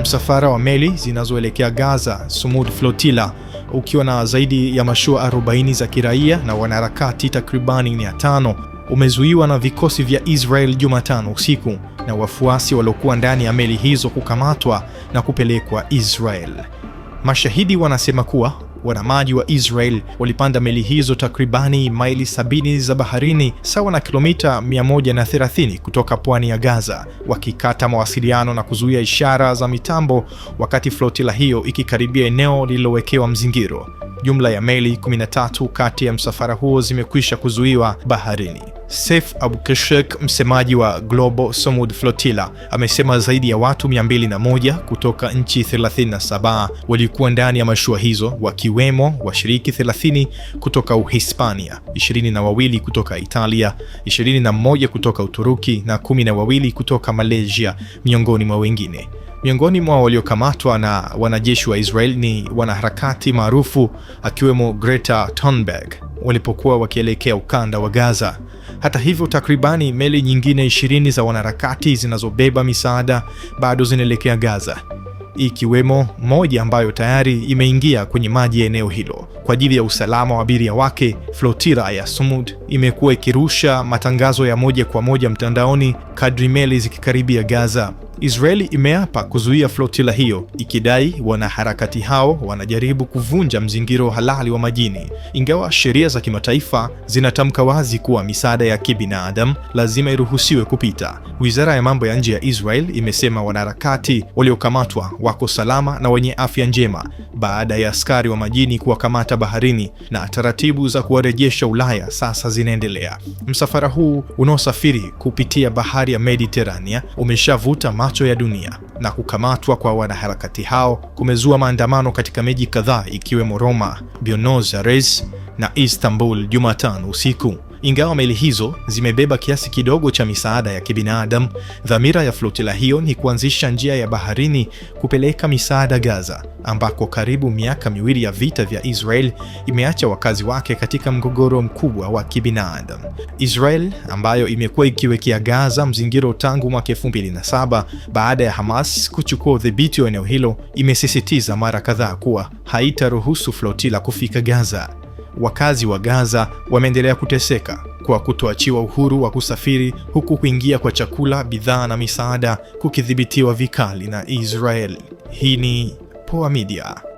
msafara wa meli zinazoelekea Gaza, Sumud Flotilla, ukiwa na zaidi ya mashua 40 za kiraia na wanaharakati takribani 500 umezuiwa na vikosi vya Israel Jumatano usiku na wafuasi waliokuwa ndani ya meli hizo kukamatwa na kupelekwa Israel. Mashahidi wanasema kuwa Wanamaji wa Israel walipanda meli hizo takribani maili sabini za baharini sawa na kilomita 130 kutoka pwani ya Gaza, wakikata mawasiliano na kuzuia ishara za mitambo wakati flotila hiyo ikikaribia eneo lililowekewa mzingiro. Jumla ya meli 13 kati ya msafara huo zimekwisha kuzuiwa baharini. Saif Abukeshek, msemaji wa Global Samud Flotilla, amesema zaidi ya watu 201 kutoka nchi 37 walikuwa ndani ya mashua hizo, wakiwemo washiriki 30 kutoka Uhispania, 22 kutoka Italia, 21 kutoka Uturuki na 12 kutoka Malaysia, miongoni mwa wengine. Miongoni mwa waliokamatwa na wanajeshi wa Israel ni wanaharakati maarufu akiwemo Greta Thunberg walipokuwa wakielekea ukanda wa Gaza. Hata hivyo, takribani meli nyingine 20 za wanaharakati zinazobeba misaada bado zinaelekea Gaza, ikiwemo moja ambayo tayari imeingia kwenye maji ya eneo hilo. Kwa ajili ya usalama wa abiria wake, flotira ya Sumud imekuwa ikirusha matangazo ya moja kwa moja mtandaoni kadri meli zikikaribia Gaza. Israeli imeapa kuzuia flotila hiyo, ikidai wanaharakati hao wanajaribu kuvunja mzingiro halali wa majini, ingawa sheria za kimataifa zinatamka wazi kuwa misaada ya kibinadamu lazima iruhusiwe kupita. Wizara ya mambo ya nje ya Israel imesema wanaharakati waliokamatwa wako salama na wenye afya njema baada ya askari wa majini kuwakamata baharini, na taratibu za kuwarejesha Ulaya sasa zinaendelea. Msafara huu unaosafiri kupitia bahari ya Mediterania umeshavuta macho ya dunia, na kukamatwa kwa wanaharakati hao kumezua maandamano katika miji kadhaa ikiwemo Roma, Buenos Aires na Istanbul Jumatano usiku. Ingawa meli hizo zimebeba kiasi kidogo cha misaada ya kibinadamu, dhamira ya flotila hiyo ni kuanzisha njia ya baharini kupeleka misaada Gaza, ambako karibu miaka miwili ya vita vya Israel imeacha wakazi wake katika mgogoro mkubwa wa kibinadamu. Israel ambayo imekuwa ikiwekea Gaza mzingiro tangu mwaka 2007 baada ya Hamas kuchukua udhibiti wa eneo hilo, imesisitiza mara kadhaa kuwa haitaruhusu flotila kufika Gaza wakazi wa Gaza wameendelea kuteseka kwa kutoachiwa uhuru wa kusafiri huku kuingia kwa chakula, bidhaa na misaada kukidhibitiwa vikali na Israel. Hii ni Poa Media.